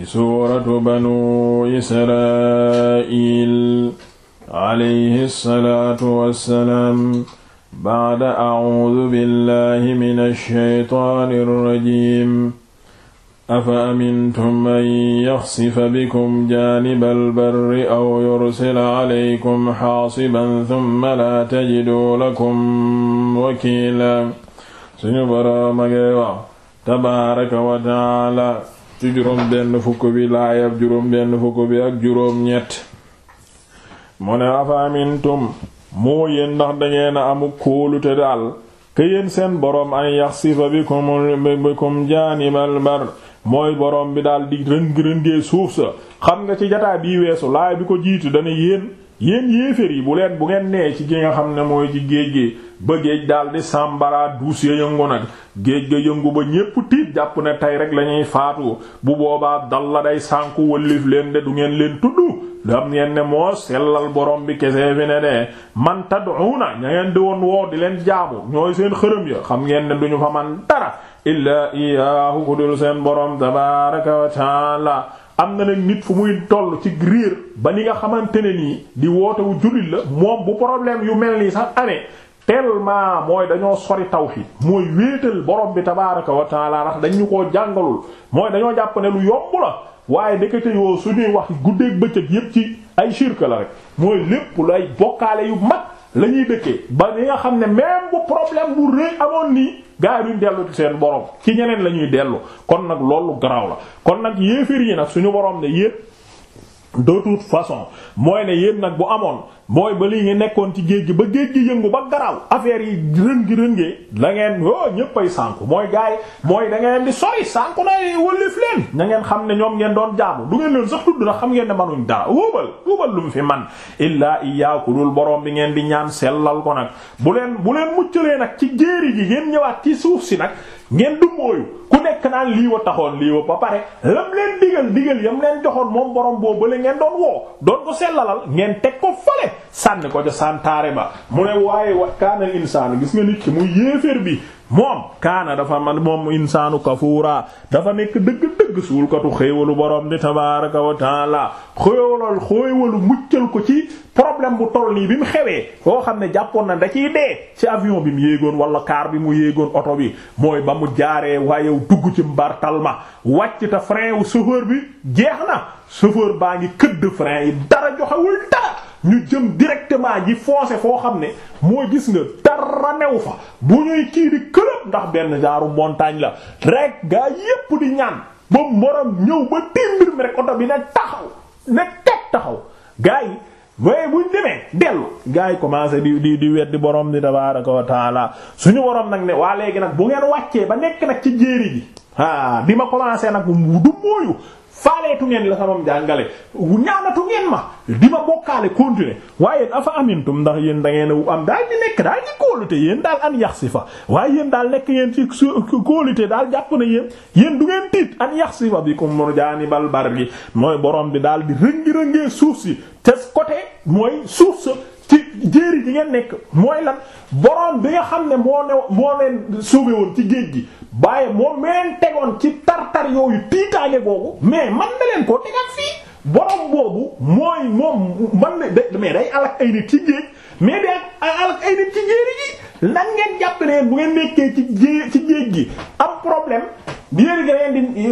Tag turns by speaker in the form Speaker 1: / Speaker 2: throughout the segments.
Speaker 1: suuratu banu israil alayhi salaatu wassalaam ba'da a'uudu billahi mina shaytaani rajiim afa amintum an yaxsifa bikum jaanibal barri aw yursila alaykum xaasiban thumma laa tajiduu lakum wakiila suñu boroom a ngi wax tabaaraka wa ta'aala ci juróom benn fukk bi laayab juróom benn fukk bi ak juróom ñett mu ne afa amintum moo yéen ndax dangeen a amu kóolute daal ke yéen seen boroom an yaxsifa bikum bikum jaanibal bar mooy boroom bi daal di rëng-rëngee
Speaker 2: suuf sa xam nga ci jataa bii weesu laay bi ko jiitu dana yéen yéen yéefér yi bu leen bu ngeen nee ci gi nga xam ne mooy ci géej gi ba géej daal di sàmbara duus ya yëngu nag géej ga yëngu ba ñépp tiit jàpp ne tey rek la ñuy faatu bu boobaa dal la day sànku wëllif leen de du ngeen leen tudd dam ngeen ne moo sellal borom bi kesee fi ne de man tad'una ña ngeen di woon woo di leen jaamu ñooy seen xërëm ya xam ngeen ne duñu fa man dara illaa iyaahu ku dul seen borom tabaaraka wa am na nag nit fu muy toll ci riir ba ni nga xamante ne nii di wootewu jullit la moom bu problème yu mel nii sax amee tellement mooy dañoo sori tawhid mooy wéetal borom bi tabaaraka wa taala ndax dañ ñu koo jàngalul mooy dañoo jàpp ne lu yomb la waaye ndekete yoo suñuy wax guddeeg bëccëg yépp ci ay shirk la rek mooy lépp ay bokkaale yu mag lañuy ñuy dëkkee ba ni nga xam ne même bu problème bu rëy amoon nii. gaa yi duñ dellu seen borom ci ñeneen la ñuy dellu kon nag loolu garaaw la kon nag yéefér yi nag suñu borom ne yéen de toute façon mooy ne yéen nag bu amoon mooy ba li nga nekkoon ci géej gi ba géej gi yëngu ba garaw affaire yi rëngi rëngee da ngeen o ñépp ay sànku mooy gaay mooy da ngeen di sori sànku na wëlif leen na ngeen xam ne ñoom ngeen doon jaamu du ngeen leen sax tudd xam ngeen ne manuñ dara wóobal wóobal lu mu fi man illaa iyaakulul borom bi ngeen di ñaan sellal ko nag bu leen bu leen muccalee nag ci jéeri gi ngeen ñëwaat ci suuf si nag ngeen du mooyu ku nekk naan lii wa taxoon lii wa ba pare lam leen digal digal yam leen joxoon moom borom boo bale ngeen doon woo doon ko sellalal ngeen teg ko fale sànni ko ca santaare ba mu ne waaye wa kaana insaanu gis nga nit ki muy yéeféer bi moom kaana dafa man moom insaanu kafuura dafa nekk dëgg-dëgg suulkatu xéewalu borom di tabaaraka wa taala xéewalal xéewalu muccal ko ci problème bu toll nii bi mu xewee koo xam ne jàppoon na da ciy ci avion bi mu yéegoon wala kaar bi mu yéegoon oto bi mooy ba mu jaaree waaye dugg ci mbartal ma wàcc te frein wu bi jeex na chauffeur baa ngi këdd frein yi dara joxewul dara ñu jëm directement ji foncé foo xam ne mooy gis nga dara new fa bu ñuy kii di këlëb ndax benn jaaru montagne la rek gaa yépp di ñaan ba morom ñëw ba timbir mi rek oto bi ne taxaw ne teg taxaw gaa yi waaye buñ demee dellu gaa yi commencé di di di weddi borom di tabaaraka wa taala suñu borom nag ne waa léegi nag bu ngeen wàccee ba nekk nag ci jéeri ji ah bi ma commencé nag du mooyu faaleetu ngeen la samam jàngale ñaanatu ngeen ma di ma bokkaale continuer waaye afa amintum ndax yéen da ngeen am daal di nekk daal di kóolute yéen daal an yax si fa waaye yéen daal nekk ngeen ci kóolute daal jàpp na yéen yéen du ngeen tiit an yax si fa bi ko mor jaani bal bar gi mooy borom bi daal di rëngi-rëngee suuf si te côté mooy suuf sa ci jéeri ji ngeen nekk mooy lan borom bi nga xam ne moo ne moo leen sauvé woon ci géej gi bàyyi moo meen tegoon ci tartar yooyu tiitaange boobu mais man na leen koo tegaat fii borom boobu mooy moom man na mais day alak ay nit ci géej mais day alak ay ci jéeri ji lan ngeen jàpp bu ngeen nekkee ci jé ci géej gi am problème jéeri gi leen di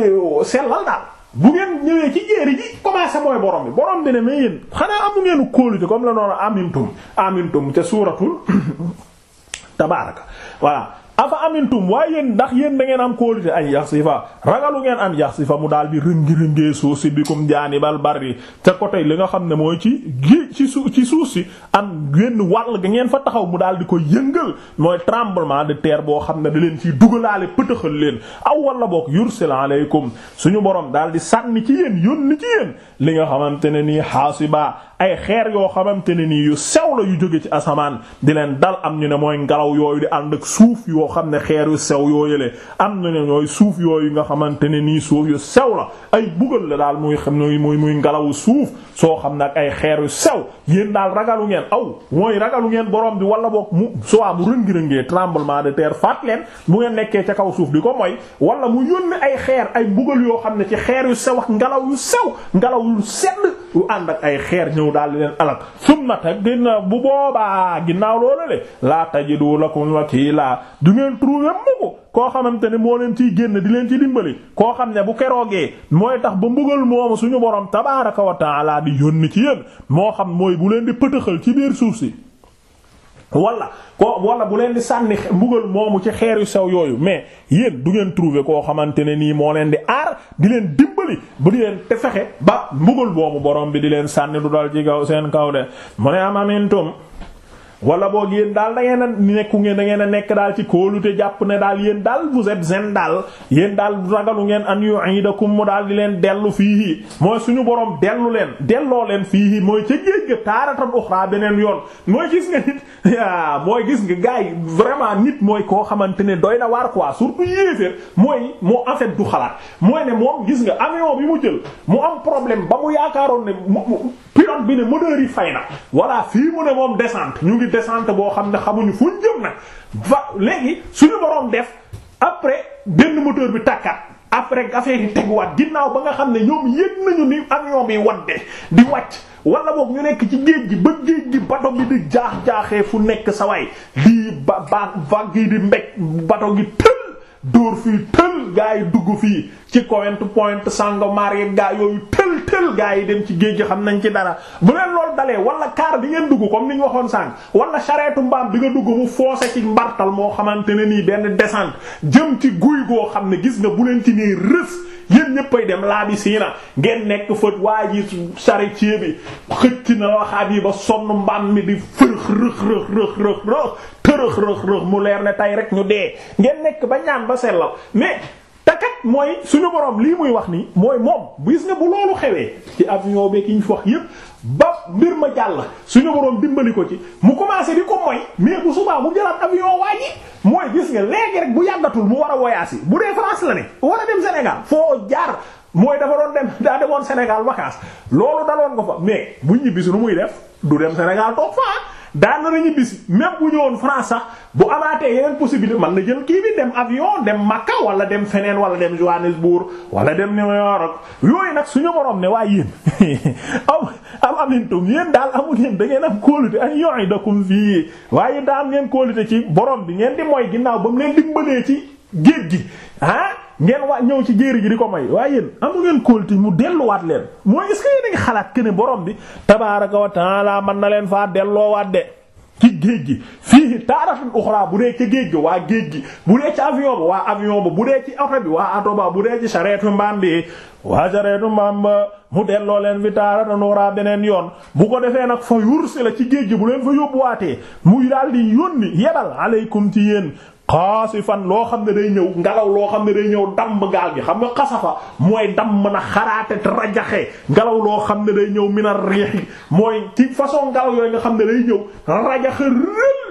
Speaker 2: sellal daal bu ngeen ñëwee ci jéeri ji commencé mooy borom bi borom bi ne mais yéen xanaa amu ngeen kóolute comme la noonu amintum amintum ca suuratul tabaaraka voilà a afa amintum waaye yéen ndax yéen da ngeen am kóolute ay yaxsifa ragalu ngeen am fa mu daal di ringi-ringee suuf si bikum jaanibal barri te côté li nga xam ne mooy ci gi ci suuf ci suuf si am génn wàll ga ngeen fa taxaw mu daal di ko yëngal mooy tremblement de terre boo xam ne da leen ciy dugalaale pëtëxal leen aw wala boog yursil aleykum suñu boroom daal di sànni ci yéen yónni ci yéen li nga xamante ne nii xaasiba ay xeer yoo xamante ne nii yu sew la yu jóge ci asamaan di leen dal am ñu ne mooy ngalaw yooyu di ànd ak suuf yoo xam ne xeer yu sew yoo yële am ñu ne ñooy suuf yooyu nga xamante ne nii suuf yu sew la ay bugal la daal muy xam muy muy ngelawu suuf soo xam nag ay xeer yu sew yéen daal ragalu ngeen aw mooy ragalu ngeen borom bi wala boog mu soit mu rëngi-rëngee tremblement de terre faat leen mu ngeen nekkee ca kaw suuf di ko mooy wala mu yónni ay xeer ay bugal yoo xam ne ci xeer yu sew ak ngelaw yu sew ngelaw yu sedd yu ànd ay xeer ñëw mu daal di leen alal summa te ginnaaw bu boobaa ginnaaw loola le laa tajidu lakum laa du ngeen trouver mukk koo xamante ne moo leen ciy génn di leen ci dimbali koo xam ne bu keroogee mooy tax ba mbugal moomu suñu borom tabaaraka wa taala di yónni ci yéen moo xam mooy bu leen di pëtëxal ci biir suuf si walla ko wala bu leen di sànni mbugal moomu ci xeer yu sew yooyu mais yéen du ngeen trouver koo xamante ne nii moo leen di aar di leen dimbali bu di leen te fexe ba mbugal boobu borom bi di leen sànni du dal ci kaw seen kaw de mu ne am amintum wala boog yéen daal da ngeen a nekku ngeen da ngeen nekk daal ci kóolute jàpp ne daal yéen daal vous êtes zen daal yéen daal ragalu ngeen an yu'idakum mu daal di leen dellu fiihi mooy suñu borom dellu leen delloo leen fiihi mooy ca géej ga taaratan uxra beneen yoon mooy gis nga nit mooy gis nga gars yi vraiment nit mooy koo xamante ne doy na waar quoi surtout yéeféer mooy moo en fait du xalaat mooy ne moom gis nga avion bi mu jël mu am problème ba mu yaakaaroon ne pilote une boo xam ne xamuñu fuñ jëm na va léegi suñu boroom def après benn moteur bi tàkkaat après affaire yi teguwaat ginnaaw ba nga xam ne ñoom yëg nañu ni avion bi wadde di wàcc wala boog ñu nekk ci géej gi ba géej gi bato bi di jaax jaaxee fu nekk sa waay lii ba ba vague yi di mbéj bato gi. dóor fii tël gaa yi dugg fii ci Covent Point Sangomar yi gaa yooyu tël tël gaa yi dem ci géej gi xam nañ ci dara bu leen loolu dalee wala kaar bi ngeen dugg comme ni ñu waxoon sànq wala sareetu mbaam bi nga dugg mu foose ci mbartal moo xamante ne nii benn descente jëm ci guy goo xam ne gis nga bu leen ci nii rës yéen ñëppay dem laa bi siina ngeen nekk fët waa ji charretier bi xëcc na waxaat yi ba sonn mbaam mi di fërëx rëx rëx rëx tërëx rëx rëx mu leer ne tey rek ñu dee ngeen nekk ba ñaan ba sellal mais te mooy suñu borom lii muy wax nii mooy moom gis nga bu loolu xewee ci avion beeg yi ñu wax yépp ba mbir ma jàll suñu borom dimbali ko ci mu commencé di ko moy mais bu subaa mu jëlaat avion waa ji mooy gis nga léegi rek bu yàggatul mu war a voyage bu dee France la ne war a dem Sénégal foo jaar. mooy dafa doon dem daa demoon Sénégal vacances loolu daloon ko fa mais bu ñibbi su nu muy def du dem Sénégal daan na ñibbi si même bu ñëwoon France sax bu amaatee yeneen possibilité man la jël kii bi dem avion dem Makka wala dem feneen wala dem Johannesburg wala dem New York yooyu nag suñu borom ne waaye yéen am am amintum yéen daal amu ngeen da ngeen am kóolute an yu'idakum fii waaye daal ngeen kóolute ci borom bi ngeen di mooy ginnaaw ba mu leen dimbalee ci. géej gi ah ngeen waa ñëw ci jéeri gi di ko may waaye yéen amu ngeen kóolti mu delluwaat leen mooy est-ce que xalaat que ne borom bi tabaaraka wa taala man na leen faa delloowaat de ci géej gi fii taaratul uxra bu dee ci géej gi waa géej gi bu dee ci avion ba waa avion ba bu dee ci oto bi waa ato ba bu dee ci sareetu mbaam bi waa sareetu mbaam ba mu delloo leen fi taaratul uxra beneen yoon bu ko defee nag fa yursi la ci géej gi bu leen fa yóbbuwaatee muy daal di yónni yebal aleykum ci yéen fan loo xam ne day ñëw ngelaw loo xam ne day ñëw damm gaal gi xam nga xasafa mooy damm na xaraate rajaxe ngelaw loo xam ne day ñëw mina riix mooy ci façon ngelaw yooyu nga xam ne day ñëw rajaxe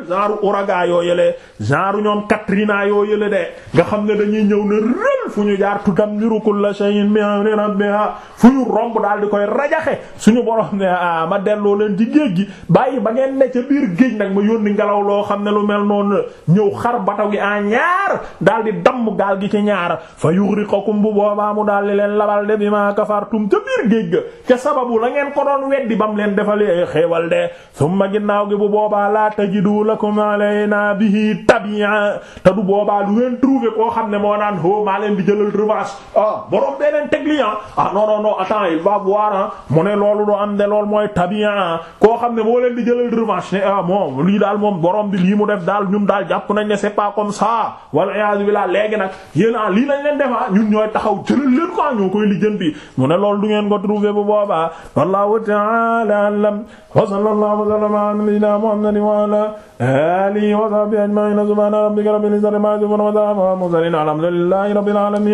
Speaker 2: genre ouragan yoo yële genre ñoom Katrina yoo yële de nga xam ne dañuy ñëw ne rël fu ñu jaar tudammiru kulla shay'in bi amri rabbiha fu ñu romb daal di koy rajaxe suñu borom ne ah ma delloo leen ci géej gi bàyyi ba ngeen ne ca biir géej nag ma yónni ngelaw loo xam ne lu mel noonu ñëw xar bataw gi en ñaar daal di damm gaal gi ci ñaar fa yughriqakum bu boobaa mu daal di leen labal de bima kafartum ca biir géej ga ca sababu la ngeen ko doon weddi bam leen defalee eh, xéewal de summa lakum alayna bihi tabi'a te du boobaa du ngeen trouver koo xam ne moo naan ho oh, maa leen di jëlal revanche ah borom bee leen teg li ah. ah non non non attends il va voir ah mu ne loolu doo am de loolu mooy tabi'a koo xam ne moo leen di jëlal revanche ne ah bon lii daal moom borom bi lii mu def daal ñun daal jàpp nañ ne c'est pas comme ça wal iyaazu billah léegi nag yéen ah lii lañ leen def ah ñun ñooy taxaw jëlal leen ko ah ñoo koy lijjanti mu ne loolu du ngeen ko
Speaker 1: trouver bu boobaa wallahu ta'ala a'lam wa sallallahu wa sallama ala nabiyyina muhammadin wa ala alihi wa sahbihi ajma'in subhana rabbika rabbil izzati amma yasifun wa salamun alhamdulillahi rabbil alamin